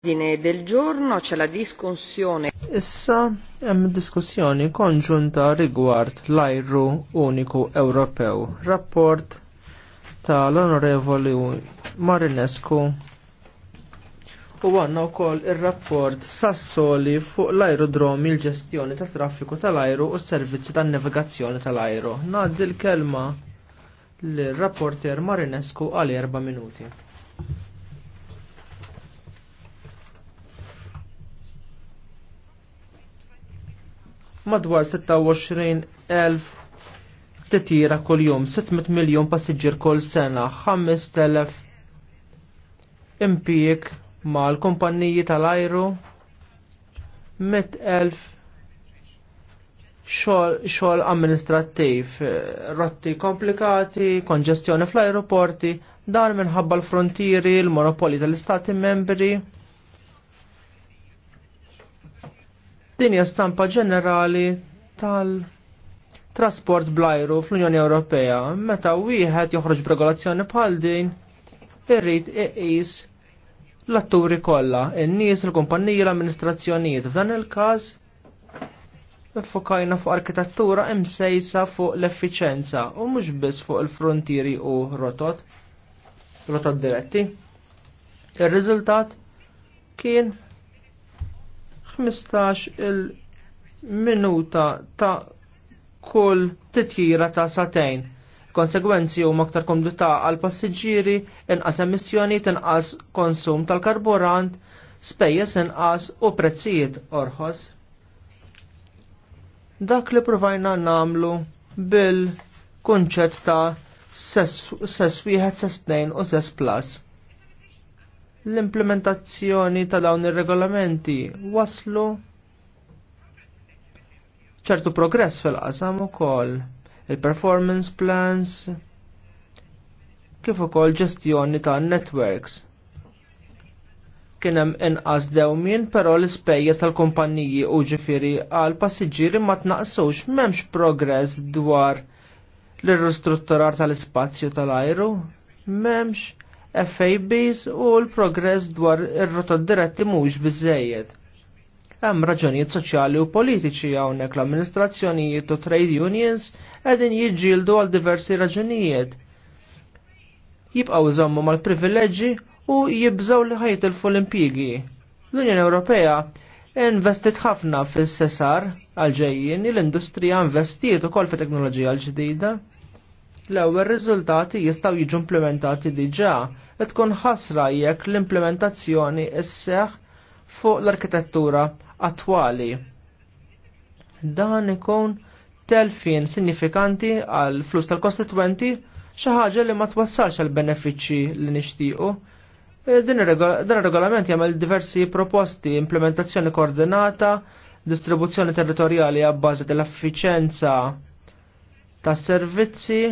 Ordine del giorno c'è la discussione. Issa hemm diskussjoni konġunta rigward l-ajru uniku Ewropew. Rapport tal-Onorevoli Marinescu u għanna u koll il-rapport sassoli fuq l-aerodromi il-ġestjoni ta' traffiku tal-ajru u s-servizzi ta' navigazzjoni tal-ajru. Naddi l-kelma l-rapporter Marinescu għal erba' minuti. madwar 26,000 titira kol jum, 600 miljon passiġġir kol sena, 5,000 impijek mal kompanniji tal-ajru, 100,000 xogħol amministrattiv, rotti komplikati, konġestjoni fl-aeroporti, dan minħabba l-frontieri, l-monopoli tal-istati membri, Din hija stampa ġenerali tal- trasport blajru fl-Unjoni Ewropea, meta wieħed joħroġ b'regolazzjoni bħal din, irrid iqis l-atturi kollha, in-nies, il-kumpaniji, l-amministrazzjonijiet. F'dan il-każ fokajna fuq arkitettura imsejsa fuq l-effiċenza u mhux biss fuq il-frontieri u rotot, rotot diretti. Ir-riżultat kien 15 il-minuta ta' kull titjira ta' satajn. Konsegwenzi huma aktar komodità għal passiġġieri, inqas emissjoni, tinqas konsum tal-karburant, spejjeż inqas u prezzijiet orħos. Dak li provajna namlu bil-kunċett ta' sess wieħed sess tnejn u sess plus l-implementazzjoni ta' dawn ir-regolamenti waslu ċertu progress fil-qasam ukoll il-performance plans kif ukoll ġestjoni ta' networks. Kien hemm inqas dewmien però l-ispejjeż tal-kumpanniji u ġifieri għal passiġġieri ma tnaqsux m'hemmx progress dwar l-ristrutturar tal-ispazju tal-ajru, m'hemmx FABs u l-progress dwar ir-rotot diretti mhux biżejjed. Hemm raġunijiet soċjali u politiċi hawnhekk l-amministrazzjonijiet u trade unions qegħdin jiġġieldu għal diversi raġunijiet. Jibqgħu iżommu mal-privileġġi u jibżgħu li ħajtilfu l-impjigi. L-Unjoni Ewropea investit ħafna fis-sesar għal-ġejjin, l-industrija investiet ukoll fit teknoloġija l-ġdida. L-ewwel riżultati jistgħu jiġu implementati diġà tkun ħasra jekk l-implementazzjoni isseħ fuq l-arkitettura attwali. Dan ikun telfin sinifikanti għal flus tal-kostituenti xi ħaġa li ma twassalx għal benefiċċji li nixtiequ. E, din ir-regolament jagħmel diversi proposti, implementazzjoni koordinata, distribuzzjoni territorjali għabbażi tal affiċenza tas servizzi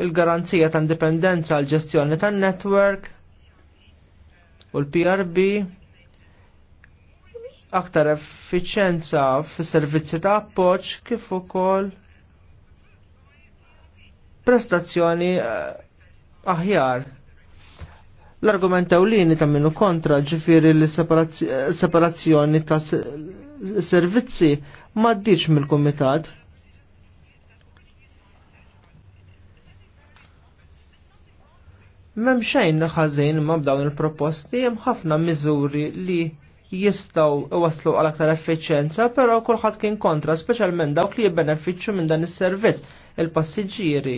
il-garanzija ta' indipendenza għal ġestjoni tan network u l-PRB aktar effiċenza fis servizzi ta' appoġġ kif ukoll prestazzjoni eh, aħjar. L-argument ewlieni ta' minnu kontra ġifiri l-separazzjoni eh, ta' servizzi ma' mill-Kumitat memxajn xejn ħażin ma' b'dawn il-proposti hemm ħafna miżuri li jistaw waslu għal aktar effiċjenza, però kulħadd kien kontra, specialment dawk li jibbenefiċċju minn dan is-servizz, il-passiġġieri.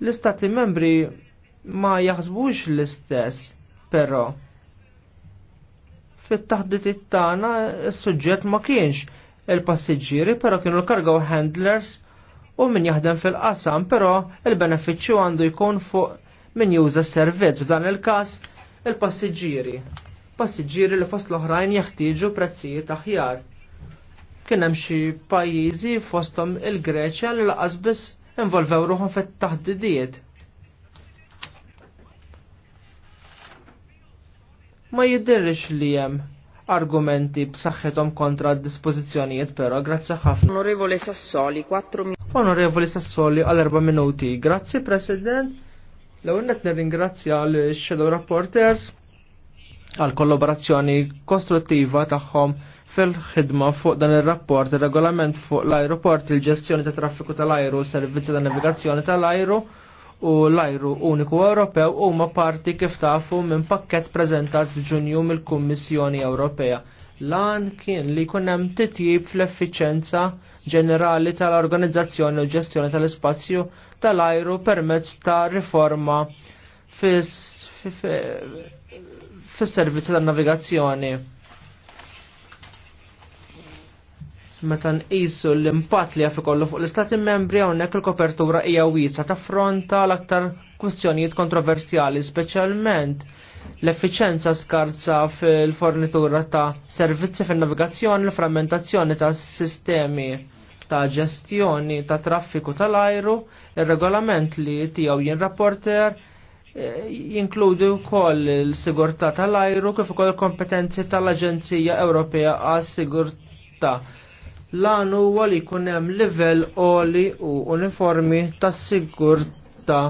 L-istati membri ma jaħsbux l-istess, però fit it tagħna s-suġġett ma kienx il-passiġġieri, però kienu l-cargo handlers u min jaħdem fil-qasam, però il-benefiċċju għandu jkun fuq min juża s-servizz f'dan il-każ il-passiġġieri. Passiġġieri li fost l-oħrajn jeħtieġu prezzijiet aħjar. Kien hemm xi pajjiżi fosthom il-Greċja li laqas biss involvew ruħhom fit-taħdidiet. Ma jiddirrix li hemm argumenti b'saħħithom kontra d-dispożizzjonijiet però grazzi ħafna. Onorevole Sassoli, 4 minuti. Onorevoli Sassoli għal 4 minuti. Grazzi President. L-ewwel nir nirringrazzja l-Shadow Rapporters għal kollaborazzjoni kostruttiva tagħhom fil-ħidma fuq dan ir-rapport ir-regolament fuq l-ajruport il-ġestjoni ta' traffiku tal-ajru, servizzi ta' navigazzjoni tal-ajru u l-ajru uniku Ewropew huma parti kif tafu minn pakkett preżentat f'Ġunju mill-Kummissjoni Ewropea. Lan kien li jkun hemm titjib fl-effiċenza ġenerali tal-organizzazzjoni u ġestjoni tal-ispazju tal-ajru permezz ta' riforma fis-servizzi tan-navigazzjoni. Meta nqisu l-impatt li jaf ikollu fuq l-Istati membri hawnhekk il-kopertura hija ta' taffronta l-aktar kwistjonijiet kontroversjali, speċjalment l-effiċenza skarza fil-fornitura ta' servizzi fin-navigazzjoni, l-frammentazzjoni ta' sistemi ta' ġestjoni ta' traffiku tal-ajru, Il-regolament li tijaw jien rapporter eh, jinkludi wkoll il-sigurtà tal-ajru kif ukoll kompetenzi tal-Aġenzija Ewropea għas-Sigurtà. Lan huwa li jkun hemm livell oli u uniformi tas-sigurtà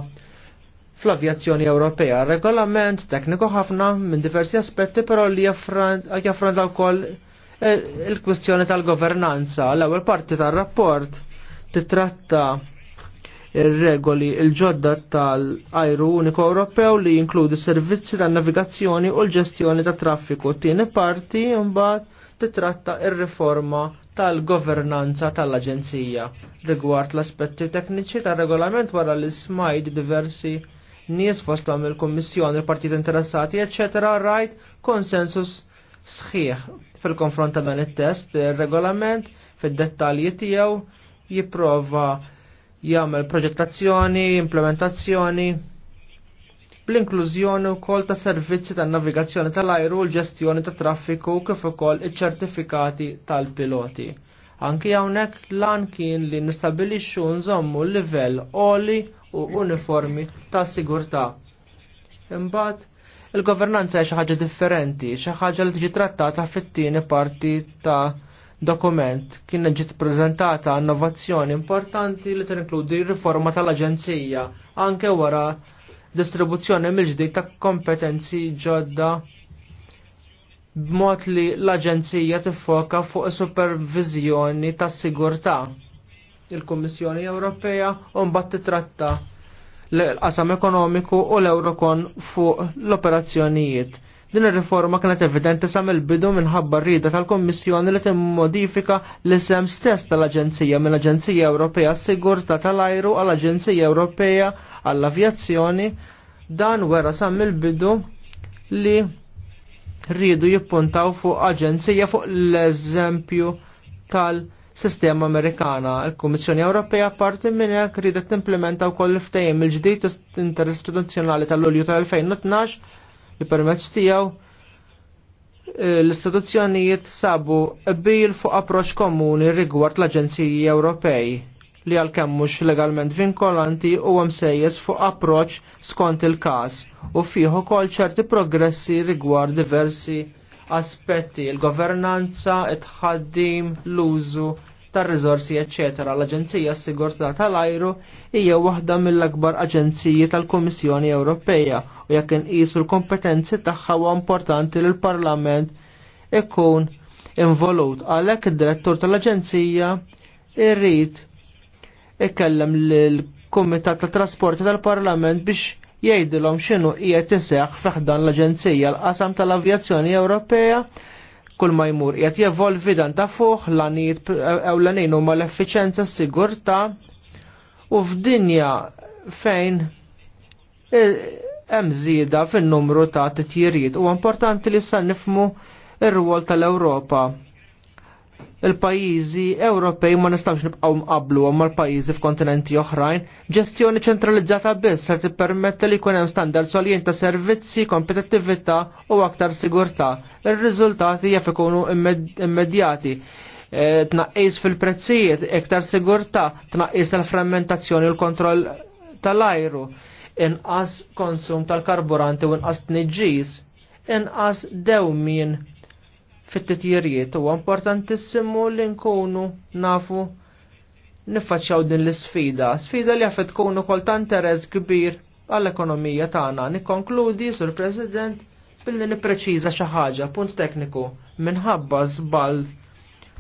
fl-avjazzjoni Ewropea. Regolament tekniku ħafna minn diversi aspetti però li jaffronta wkoll eh, il-kwistjoni tal-governanza. L-ewwel parti tar-rapport titratta ir-regoli il ġodda tal-ajru uniku Ewropew li jinkludi servizzi tan navigazzjoni u l-ġestjoni ta' traffiku. Tieni parti mbagħad titratta ir-riforma tal-governanza tal-Aġenzija rigward l-aspetti tekniċi tar-regolament wara li smajt diversi nies fostom il-Kummissjoni, il-Partit interessati, eċċetera, rajt konsensus sħiħ fil-konfront ta' dan it-test, ir regolament fid-dettalji tiegħu jipprova jagħmel proġettazzjoni, implementazzjoni, bl-inklużjoni wkoll ta' servizzi tan navigazzjoni tal-ajru u l-ġestjoni ta' traffiku u kif ukoll iċ-ċertifikati tal-piloti. Anki hawnhekk lan kien li nistabilixxu nżommu l-livell oli u uniformi ta' sigurtà. Imbagħad il-governanza hija xi ħaġa differenti, xi ħaġa li tiġi trattata fit-tieni parti ta' dokument kien ġiet prezentata innovazzjoni importanti li tinkludi riforma tal-Aġenzija anke wara distribuzzjoni mill-ġdid ta' kompetenzi ġodda b'mod li l-Aġenzija tiffoka fuq supervizjoni tas sigurtà il-Kummissjoni Ewropea u mbagħad titratta l-qasam ekonomiku u l-Eurokon fuq l-operazzjonijiet Din ir-riforma kienet evidenti sa mill-bidu minħabba rrida tal-Kommissjoni li timmodifika l-isem stess tal-Aġenzija mill aġenzija Ewropea Sigurta tal-Ajru għall-Aġenzija Ewropea għall-Avjazzjoni dan wera sa mill-bidu li rridu jippuntaw fuq aġenzija fuq l-eżempju tal-sistema Amerikana. Il-Kummissjoni Ewropea parti minn hekk ridet timplementa wkoll ftehim il-ġdid interistituzzjonali tal-Lulju tal-2012 li permezz tiegħu eh, l-istituzzjonijiet sabu bil fuq approċ komuni rigward l-Aġenziji Ewropej li għalkemm mhux legalment vinkolanti u msejjes fuq approċ skont il-każ u fih ukoll ċerti progressi rigward diversi aspetti il-governanza, it-ħaddim, l-użu tar-riżorsi, ecc. L-Aġenzija s-Sigurtà tal-Ajru hija waħda mill-akbar aġenziji tal-Kummissjoni Ewropea u jekk inqisu l-kompetenzi tagħha huwa importanti li l-Parlament ikun involut. Għalhekk id-direttur tal-Aġenzija irrid ikellem lil kumitat tat-Trasporti tal-Parlament biex jgħidilhom x'inhu qiegħed iseħħ fi l-Aġenzija l-Qasam tal-Avjazzjoni Ewropea kull ma jmur qed jevolvi dan ta' fuq l-għanijiet ewlenin huma l-effiċenza s-sigurtà u f'dinja fejn e, hemm żieda fin-numru ta' titjiriet u importanti li sa nifmu ir-rwol tal-Ewropa il-pajizi Ewropej ma nistawx nibqgħu mqablu għom mal pajizi f'kontinenti oħrajn, ġestjoni ċentralizzata biss se tippermetta li jkun hemm standard soljen ta' servizzi, kompetittività u aktar sigurtà. il riżultati jaf ikunu immedjati. E, tnaqqis fil-prezzijiet, iktar sigurtà, tnaqqis tal-frammentazzjoni u l-kontroll tal-ajru, inqas konsum tal-karburanti u inqas tniġġis, inqas dewmien fit-titjirijiet huwa importantissimu li nkunu nafu niffaċċjaw din l-sfida, sfida li għafet kunu kol ta' interess kbir għall-ekonomija tagħna. Nikkonkludi, Sur President, billi nippreċiża xi ħaġa punt tekniku minħabba żball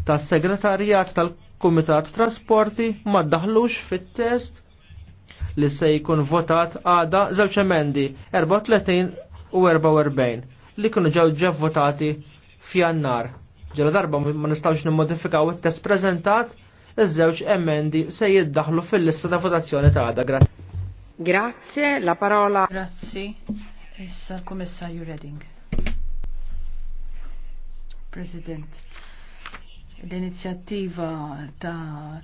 tas-segretarjat tal-Kumitat Trasporti ma daħlux fit-test li se jkun votat għada żewġ emendi 34 u 44 li kienu ġew ġew votati n-nar. Ġela darba ma nistawx nimmodifikaw it-test preżentat, iż-żewġ emendi se jiddaħlu fil-lista ta' votazzjoni ta' għada. Grazie. Grazie, la parola. Grazie. Issa l-Kummissarju Redding. President, l-inizjattiva ta'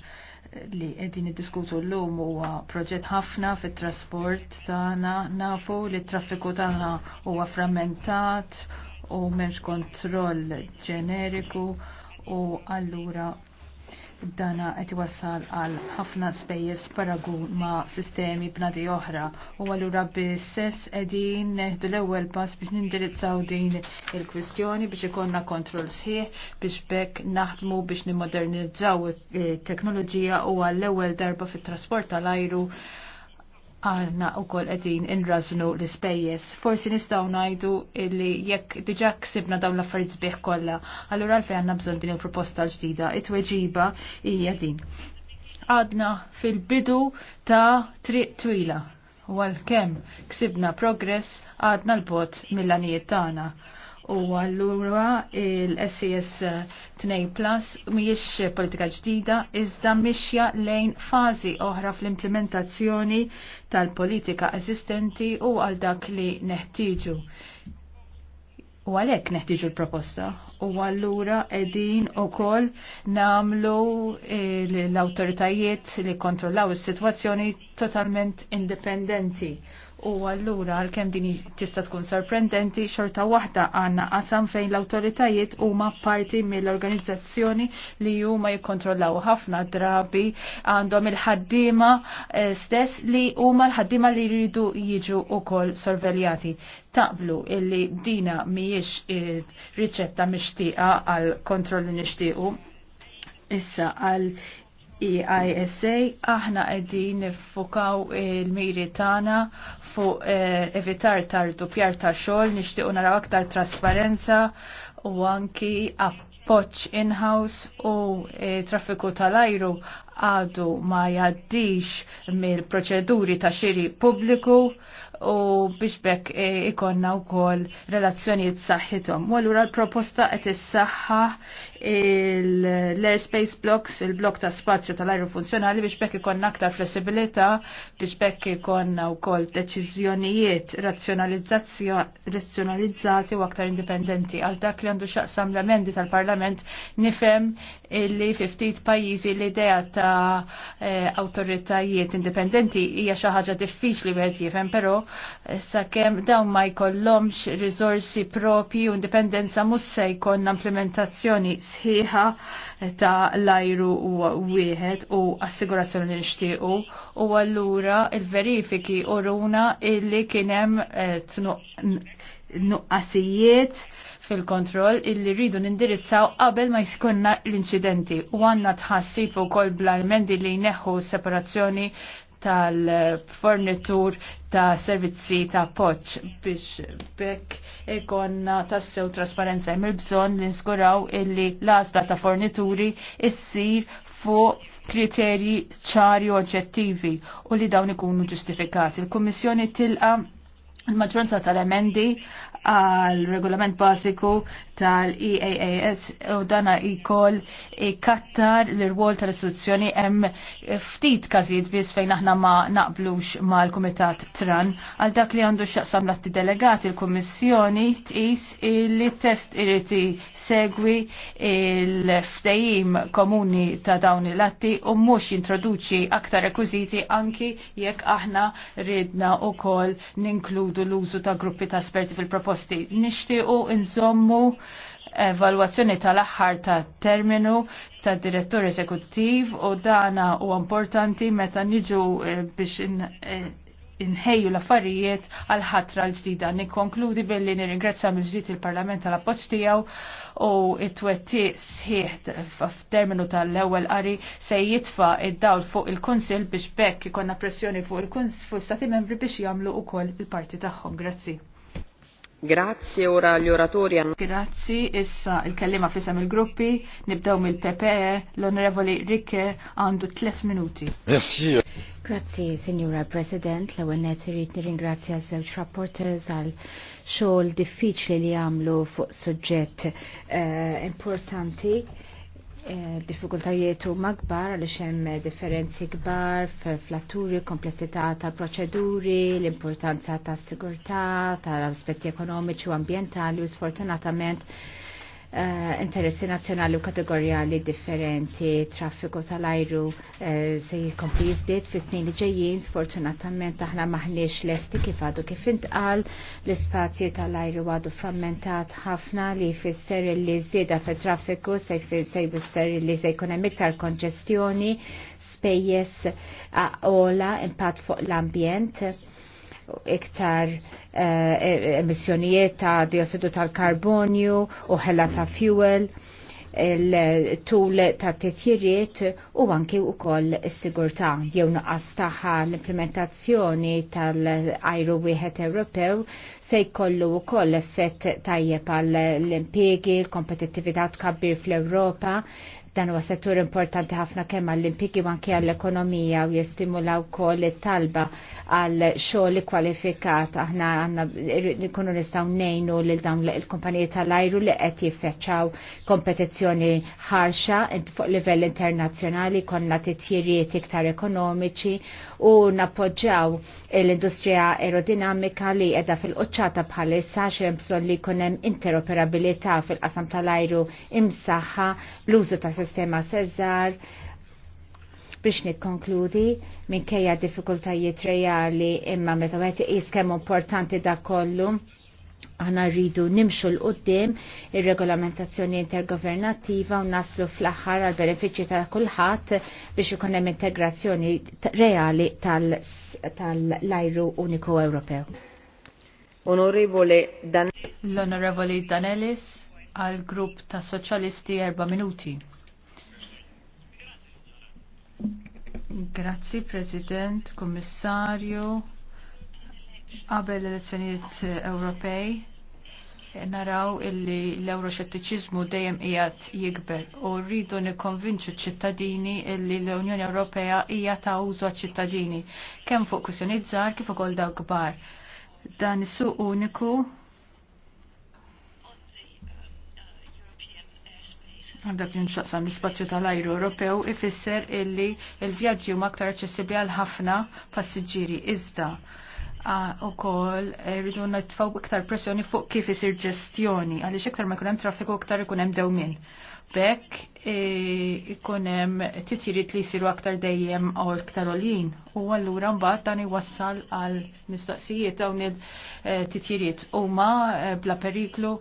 li edin id-diskutu l-lum huwa proġett ħafna fit trasport tagħna nafu li t traffiku tagħna huwa frammentat u m'hemmx kontroll ġeneriku u allura dana qed iwassal għal ħafna spejjeż paragun ma' sistemi b'nadi oħra u allura biss qegħdin neħdu l-ewwel pass biex nindirizzaw din il-kwistjoni biex ikonna kontroll sħiħ biex bekk naħdmu biex nimmodernizzaw it-teknoloġija u għall-ewwel darba fit-trasport tal-ajru għanna u kol edin inraznu l-spejjes. Forsi nistaw najdu illi jekk diġa ksibna dawn l-affarijiet sbieħ kollha, allura għalfej għanna bżonn din il-proposta ġdida, it-tweġiba hija din. Għadna fil-bidu ta' triq twila u għal-kem ksibna progress għadna l-bot mill-anijiet tagħna u għallura il-SES 2 Plus miex politika ġdida iżda mixja lejn fazi oħra fl-implementazzjoni tal-politika eżistenti u għal dak li neħtieġu. U għalek neħtiġu l-proposta. U għallura edin u kol namlu eh, l-autoritajiet li kontrollaw il-situazzjoni totalment indipendenti. U allura għalkemm din tista' tkun sorprendenti xorta waħda għandna qasam fejn l-awtoritajiet huma parti mill-organizzazzjoni li huma jikkontrollaw ħafna drabi għandhom il ħaddima eh, stess li huma l-ħaddiema li jridu jiġu wkoll sorveljati. Taqblu illi dina mhijiex eh, riċetta mixtieqa għal kontrolli nixtiequ. Issa għal EISA aħna qegħdin nifokaw il-miri tagħna fuq eh, evitar tardu pjar ta' xogħol, nixtiequ naraw aktar trasparenza u anki appoġġ in-house u eh, traffiku tal-ajru għadu ma jaddix mill-proċeduri ta' xiri pubbliku u biex bekk e, ikonna u kol relazzjoniet saħħitom. U l-proposta qed s saħħa l-airspace blocks, il-blok ta' spazju tal-ajru funzjonali biex bekk ikonna aktar flessibilità, biex bekk ikonna u kol deċizjonijiet razzjonalizzati u aktar indipendenti. Għal dak li għandu xaqsam l-emendi tal-Parlament nifem illi fi ftit pajjiżi l-idea ta' eh, awtoritajiet indipendenti hija xi ħaġa diffiċli wieħed jifhem, però eh, sakemm dawn ma jkollhomx riżorsi propji u indipendenza mhux se jkollna implementazzjoni sħiħa ta' l-ajru wieħed u assigurazzjoni li nixtiequ u allura il-verifiki uruna illi kien hemm eh, nuqqasijiet fil-kontroll illi rridu nindirizzaw qabel ma jiskunna l-inċidenti u għanna tħassib u kol bl-almendi li neħu separazzjoni tal-fornitur ta' servizzi ta' poċ biex bekk ikonna tassew trasparenza jemil bżon li nskuraw illi l-asda ta' fornituri issir fuq kriterji ċari oġġettivi u li dawn ikunu ġustifikati. Il-Kommissjoni tilqa' Il-maġġoranza tal-emendi għal regolament basiku tal-EAAS u dana jkoll kattar l-rwol tal-istituzzjoni hemm ftit każijiet biss fejn aħna ma naqblux mal-Kumitat Tran għal dak li għandu x'jaqsam l-atti delegati l-Kummissjoni tqis li test irriti segwi il-ftehim komuni ta' dawn il-atti u mhux jintroduċi aktar rekwiżiti anki jekk aħna ridna wkoll ninkludu ninkludu l-użu ta' gruppi ta' esperti fil-proposti. Nixtiequ nżommu evalwazzjoni tal-aħħar ta' terminu ta' direttur eżekuttiv u dana u importanti meta niġu eh, biex eh, inħeju l-affarijiet għal ħatra l-ġdida. Nikkonkludi billi nirringrazzja mill ġdid il-Parlament tal appoġġ tiegħu u it-twetti sħiħ f'terminu tal-ewwel qari se jitfa' id-dawl fuq il-Kunsill biex bekk ikonna pressjoni fuq il-Kunsill fuq stati membri biex jagħmlu wkoll il-parti tagħhom. Grazzi. Grazzi ora gli oratori. Grazzi, issa il-kellima fisem il-gruppi, nibdew mill-PPE, l-Onorevoli Ricche għandu 3 minuti. Merci. Grazzi, Signora President, l ewwel net irrid nirringrazzja żewġ rapporters għal xogħol diffiċli li għamlu fuq suġġett uh, importanti eh, diffikultajiet u magbar għal hemm differenzi kbar fl-atturi, komplessità ta' proċeduri, l-importanza ta' sigurtà, ta' aspetti ekonomiċi u ambientali u sfortunatament uh, interessi nazjonali u kategorjali differenti, traffiku tal-ajru uh, se jikompli jizdit fi snin li ġejjin, sfortunatament aħna maħniex lesti kif għadu kif intqal, l-ispazju tal-ajru għadu frammentat ħafna li fisser li zida fi traffiku se jfisser li se jkun hemm iktar konġestjoni, spejjes ola impatt fuq l-ambjent iktar eh, e, emissjonijiet ta' diossidu tal-karbonju u ħella ta' fuel il-tul ta' tetjiriet u anki u koll s-sigurta jew naqas taħħa l-implementazzjoni tal-ajru wieħed Ewropew se jkollu u koll effett tajjeb għall impiegi l-kompetittività tkabbir fl-Ewropa Dan huwa settur importanti ħafna kemm għall-impjigi u anke għall-ekonomija u jestimulaw wkoll it-talba għal xogħol kwalifikat. Aħna għandna nkunu nistgħu ngħinu lil dawn il-kumpaniji tal-ajru li qed jiffeċċaw kompetizzjoni ħarxa fuq livell internazzjonali konna titjiriet iktar ekonomiċi u nappoġġaw l-industrija aerodinamika li qiegħda fil quċċata bħalissa xem bżonn li jkun hemm interoperabilità fil-qasam tal-ajru imsaħħa bl-użu ta' sistema Sezzar biex nikkonkludi minkejja diffikultajiet reali imma meta wieħed iqis kemm importanti dak kollu aħna rridu nimxu l-qoddim ir-regolamentazzjoni intergovernattiva u naslu fl-aħħar għal benefiċċji ta' kulħadd biex ikun hemm integrazzjoni reali tal-ajru tal uniku Ewropew. Onorevole Dan L-Onorevoli Danelis għal grupp ta' Soċjalisti erba' minuti. Grazzi, President, Kommissarju, qabel l-elezzjonijiet Ewropej naraw illi l-euroxettiċizmu dejjem qiegħed jikber u rridu nikkonvinċu ċ-ċittadini illi l-Unjoni Ewropea hija ta' użu għaċ-ċittadini kemm fuq kwistjonijiet żgħar kif ukoll dawk kbar. Dan is-suq uniku Għandak li l-spazju tal-ajru Ewropew ifisser illi il-vjaġġi huma aktar aċċessibbli għal ħafna passiġġieri iżda kol e, rridu nitfgħu iktar pressjoni fuq kif isir ġestjoni għaliex iktar ma jkun hemm traffiku iktar ikun hemm dewmien. Bekk e, ikun hemm titjiriet li jsiru aktar dejjem u iktar għoljin. U allura mbagħad dan iwassal għal mistoqsijiet dawn it-titjiriet e, huma bla periklu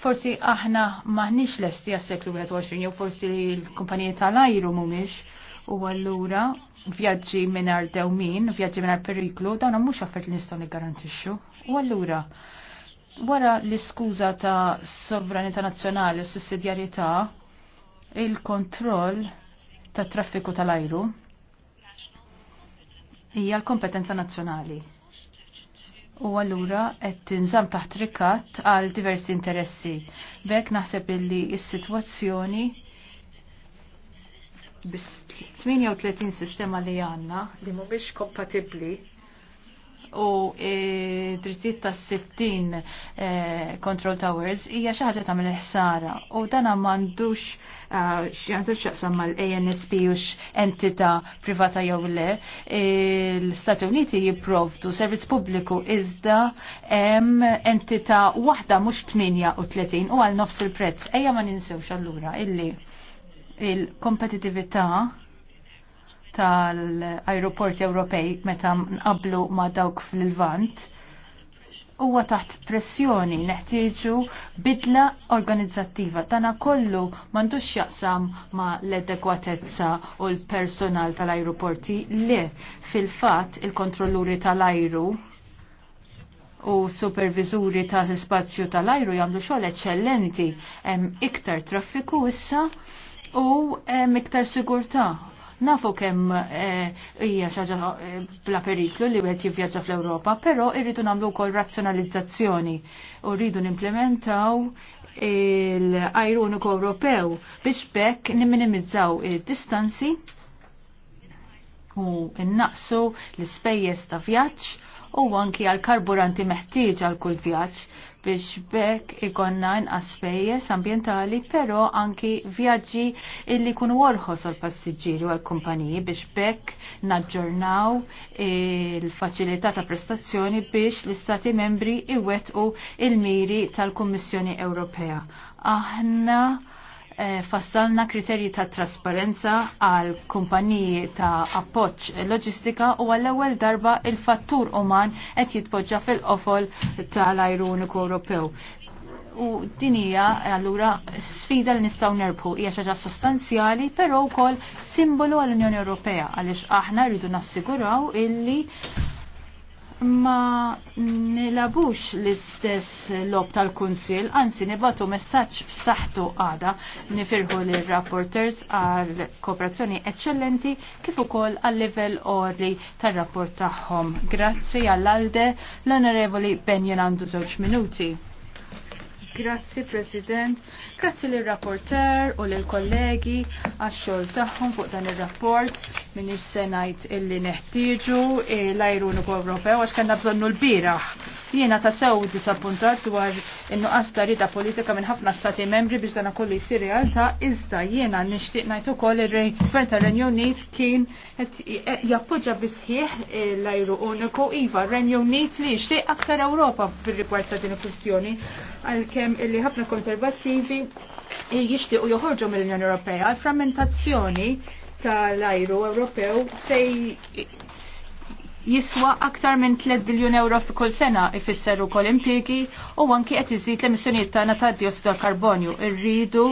Forsi aħna maħnix lesti għas-seklu 21 jew forsi l-kumpaniji tal-ajru mhumiex u allura vjaġġi mingħajr dewmin, vjaġġi mingħajr periklu, dawn mhux nistaw li nistgħu niggarantixxu. U allura wara l-iskuża ta' sovranità nazzjonali u sussidjarjetà il-kontroll ta' traffiku tal-ajru hija l-kompetenza nazzjonali u għallura qed tinżam taħt rikat għal diversi interessi. Bek naħseb illi s-sitwazzjoni bis 38 sistema li għanna li mhumiex kompatibbli u e, drittijiet ta' 60 e, control towers hija xi ħaġa tagħmel ħsara u dan m'għandux e, għandux x'aqsam mal-ANSP u x'entità privata jew le. l istati Uniti jipprovdu servizz pubbliku iżda hemm entità waħda mhux 38 u għal nofs il-prezz. Ejja ma ninsewx allura illi il-kompetitività tal-aeroporti Ewropej meta nqablu ma dawk fil-Lvant huwa taħt pressjoni neħtieġu bidla organizzattiva tana kollu m'għandux jaqsam ma l-adekwatezza u l-personal tal-ajruporti le fil-fatt il-kontrolluri tal-ajru u supervizuri tal-spazju tal-ajru jagħmlu xogħol eċċellenti hemm iktar traffiku issa u hemm iktar sigurtà Nafu kemm eh, hija xi ħaġa eh, bla periklu li wieħed jivvjaġġa fl-Ewropa, però irridu nagħmlu wkoll razzjonalizzazzjoni u rridu nimplementaw il-ajru uniku Ewropew biex bekk nimminimizzaw id-distanzi u innaqsu l-ispejjeż ta' vjaġġ u anki għal karburanti meħtieġ għal kull vjaġġ biex bekk ikonna inqas spejjeż ambjentali, però anki vjaġġi illi jkunu orħos għal passiġġieri u għal kumpaniji biex bekk naġġornaw il-faċilità ta' prestazzjoni biex l-Istati membri iwettqu il-miri tal-Kummissjoni Ewropea. Aħna Eh, fassalna kriterji ta' trasparenza għal kumpaniji ta' appoċ loġistika u għall ewwel darba il-fattur uman qed jitpoġġa fil-qofol tal-ajru uniku Ewropew. U din hija allura sfida li nistgħu nerbħu hija xi ħaġa sostanzjali però wkoll simbolu għall-Unjoni Ewropea għaliex aħna rridu nassiguraw illi ma nilabux l-istess lob tal-Kunsil, anzi nibatu messaċ b'saħħtu għada nifirħu l rapporters għal kooperazzjoni eccellenti kif ukoll għal livell orli tar-rapport tagħhom. Grazzi għall-alde l-Onorevoli Benjen għandu żewġ minuti. Grazzi President, grazzi l rapporter u l kollegi għax-xogħol tagħhom fuq dan ir-rapport minn se ngħid illi neħtieġu l-ajrun Ewropew għax kellna bżonnu l-bieraħ Jiena ta' sew disappuntat dwar in-nuqqas ta' rida politika minn ħafna stati membri biex dan kollu jsir realtà, iżda jiena nixtieq ngħid ukoll ir-Gvern tar-Renju Unit kien qed jappoġġa bisħieħ l-ajru uniku iva Renju Unit li jixtieq aktar Ewropa fir-rigward ta' din il-kwistjoni għalkemm illi ħafna konservattivi jixtiequ joħorġu mill-Unjoni Ewropea frammentazzjoni tal-ajru Ewropew se jiswa aktar minn 3 biljun euro fi kull sena ifisser ukoll impjiegi u għanki qed iżid l-emissjonijiet tagħna ta' dioxidu tal-karbonju. Irridu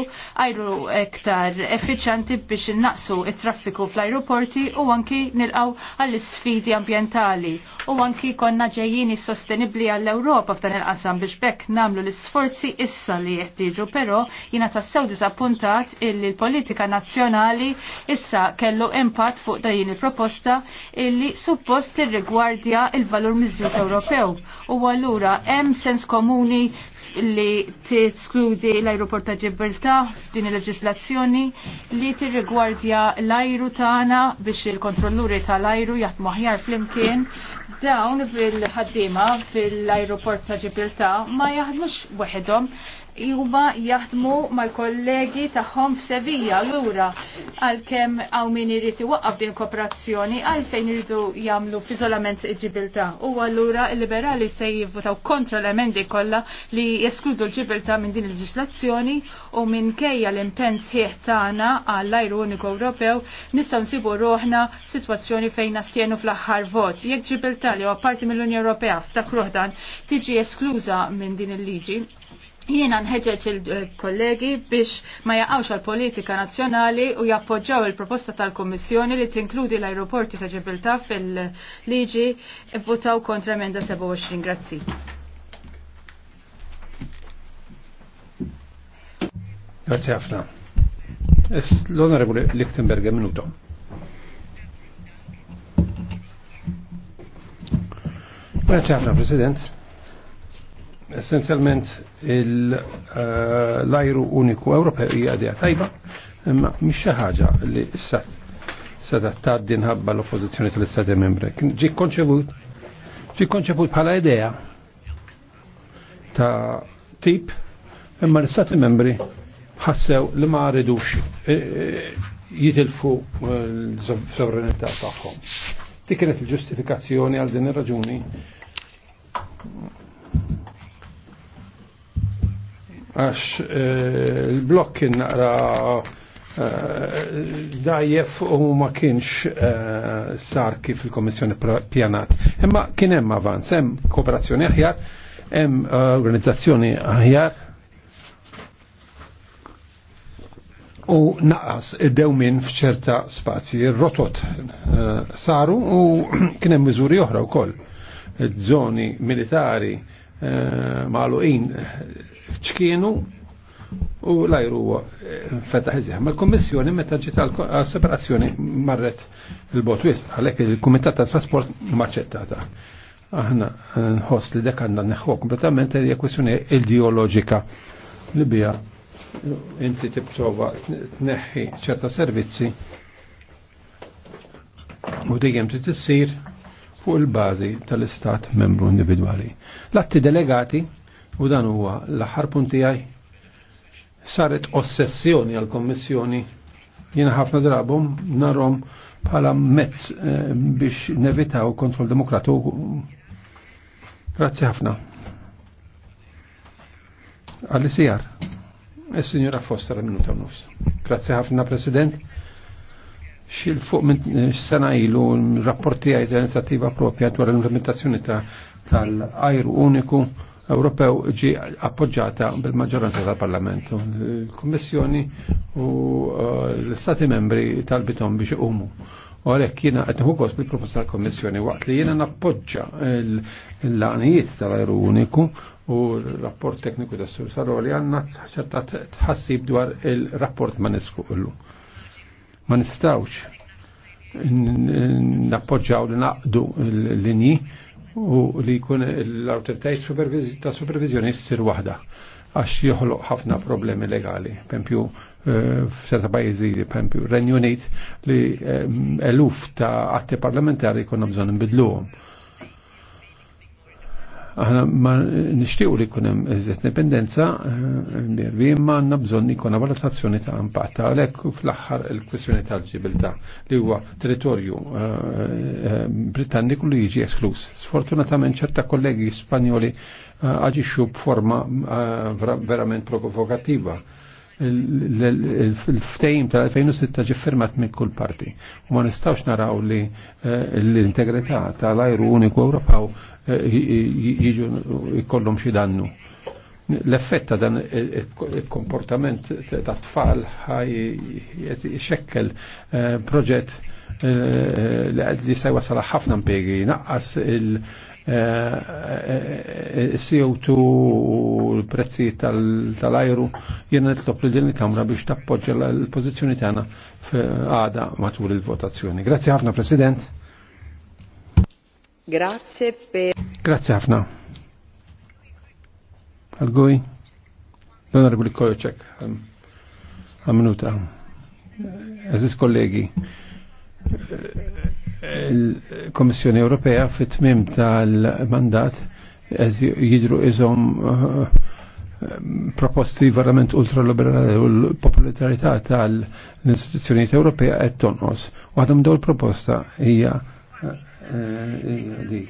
ajru iktar effiċjanti biex innaqsu it-traffiku fl-ajruporti u anki nilqaw għall-isfidi ambjentali u anki konna ġejjini sostenibbli għall-Ewropa f'dan il-qasam biex bekk namlu l-isforzi issa li jeħtieġu però jiena tassew disappuntat illi l-politika nazzjonali issa kellu impatt fuq dajin il-proposta illi suppost tirrigwardja il-valur mizzut Ewropew. U allura hemm sens komuni li t-skludi l-aeroport ta' Ġibilta f'din il-leġislazzjoni li tirrigwardja l-ajru tagħna biex il-kontrolluri tal-ajru jaħdmu aħjar flimkien dawn fil-ħaddiema fil-aeroport ta' Ġibilta ma jaħdmux weħedhom juba iva jaħdmu mal-kollegi tagħhom f'Sevija lura għalkemm hawn min irid waqqaf din kooperazzjoni għalfejn jamlu jagħmlu f'iżolament ġibilta. U allura l-liberali se jivvotaw kontra l-emendi kollha li jeskludu l-ġibilta minn din il ġislazzjoni u minkejja l-impenn sħiħ tagħna għall-ajru uniku Ewropew nistgħu nsibu roħna sitwazzjoni fejn nastienu fl-aħħar vot. Jekk ġibilta li huwa parti mill-Unja Ewropea f'dak dan tiġi eskluża minn din il-liġi, Jiena nħeġġeġ il-kollegi biex ma jaqgħux għal politika nazzjonali u jappoġġaw il-proposta tal-Kummissjoni li tinkludi l-ajruporti ta' ġibilta fil-liġi votaw kontra emenda 27. Grazzi. Grazzi ħafna. L-Onorevole Lichtenberg, minuto. Grazie ħafna, President essenzjalment eh, l-ajru uniku Ewropew hija idea tajba, imma mhix xi ħaġa li issa se tgħaddi nħabba l-oppożizzjoni tal-Istati Membri. Ġi konċevut ġi konċevut bħala idea ta' tip imma l-Istati Membri ħassew li ma rridux eh, eh, jitilfu l-sovranità tagħhom. Dik kienet il-ġustifikazzjoni għal din ir-raġuni għax e, il-blok kien naqra e, dajjef u ma kienx e, sar kif il-Komissjoni pjanat. Imma kien hemm avanz, hemm kooperazzjoni aħjar, hemm organizzazzjoni aħjar u naqas id-dew minn fċerta spazji rotot saru u kien hemm miżuri oħra wkoll. Zoni militari maluqin ċkienu u l-ajru eh, fetaħ Ma l-Kommissjoni meta ġiet għal-separazzjoni marret il-bot wis, għalhekk il-Kumitat ta' Trasport maċċettata. Aħna eh, nħoss li dak għandna neħħu kompletament hija kwestjoni ideoloġika li bija inti tipprova tneħħi ċerta servizzi u dejjem trid issir fuq il-bażi tal-istat membru individwali. L-atti delegati U dan huwa l-aħħar punt tiegħi saret ossessjoni għal kommissjoni jiena ħafna drabhom narhom bħala mezz eh, biex nevitaw kontroll Demokratiku. Grazzi ħafna. Għall-sijar, il-Signora eh, Foster minuta nofs. Grazzi ħafna, President. Xil fuq minn eh, sena ilu rapporti għaj inizjattiva propja dwar l-implementazzjoni tal-ajru uniku Ewropew ġi appoġġata bil-maġġoranza tal-Parlament. Il-Kummissjoni u uh, l-Stati membri tal-bitom biex iqumu. U għalhekk jiena qed nieħu gost bil-proposta tal-Kommissjoni waqt li jiena nappoġġa l-laqnijiet tal-ajru uniku u l-rapport tekniku tas sur Saroli għandna ċerta tħassib dwar il-rapport ma nisku illu. Ma nistawx nappoġġaw li naqdu l-linji u li jkun l-autoritajt ta' supervizjoni s-sir wahda għax joħloq ħafna problemi legali, pempju eh, f'serta pajjiżi, pempju Renju Unit li eh, eluf ta' atti parlamentari jkun bżonn nbidluhom Aħna ma nixtiequ li jkun hemm iżjed dipendenza eh, ma għanna għandna bżonn ikun valutazzjoni ta' impatt għalhekk fl-aħħar il kwestjoni tal-ġibilta li huwa territorju eh, eh, Britanniku li jiġi esklus. Sfortunatament ċerta kollegi Spanjoli aġixxu b'forma verament provokativa il-ftejm tal-2006 ġiffirmat minn kull parti. U ma nistawx naraw li eh, l-integrità tal-ajru uniku Ewropaw eh, jiġu jkollhom xi dannu. L-effett ta' dan eh, il-komportament ta' tfal ħaj xekkel proġett li għad li sajwa sala ħafna mpegi, naqqas il- Eh, eh, eh, CO2 u l prezzi tal-ajru jena nitlob li din il-Kamra biex tappoġġa l-pożizzjoni tagħna għada matul il-votazzjoni. Grazzi ħafna President. Grazie per Grazzi ħafna. Għal-goj. L-Onorevoli Kojċek. Għamnuta. Eżis kollegi il-Komissjoni Ewropea fit-tmim tal-mandat eh, jidru iżom eh, proposti verament ultraliberali u l-popolarità tal-istituzzjonijiet Ewropea qed tonqos. Waħda il proposta eh, hija dik.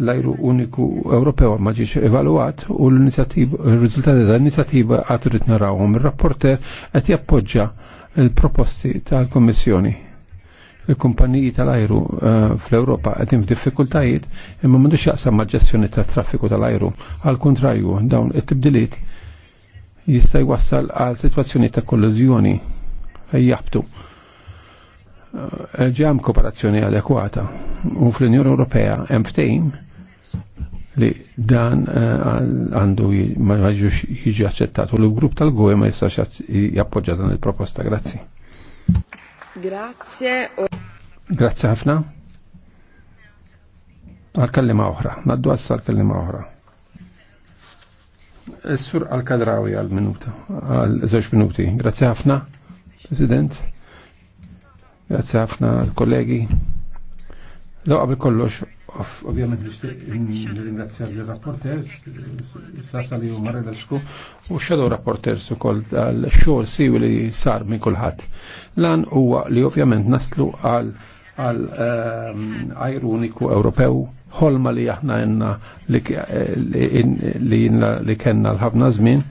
L-ajru uniku Ewropew ma ġiex evalwat u l-inizjattiva, r-riżultati tal-inizjattiva għad rrid narawhom. ir rapporter qed jappoġġa il-proposti tal-Kommissjoni il-kumpaniji tal-ajru eh, fl-Europa għedin f'diffikultajiet imma m'għandux jaqsam ma' ġestjoni tat-traffiku tal-ajru. Al kontrarju, dawn it-tibdiliet jista' jwassal għal situazzjoni ta' kollużjoni jaqbtu. Eh, Ġam kooperazzjoni adekwata u fl-Unjoni Ewropea hemm ftehim li dan eh, għandu ma jiġi aċċettat u l-grupp tal-gwe ma jistax jappoġġa dan il-proposta. Grazzi. Grazie. Grazie ħafna. Għal-kallima uħra, naddu għassa għal-kallima uħra. Sur għal-kadrawi għal-minuta, għal zoċ minuti. Grazie ħafna, President. Grazie ħafna, kollegi. Law għabri kollox, Ovvijament nirringrazzja l-rapporters, Sassali u Marrelesku, u xedu rapporters u koll tal xor siw li sar minn kullħat. Lan huwa li ovvjament naslu għal għal ehm, ajruniku Ewropew ħolma li aħna jenna li kenna l-ħafna żmien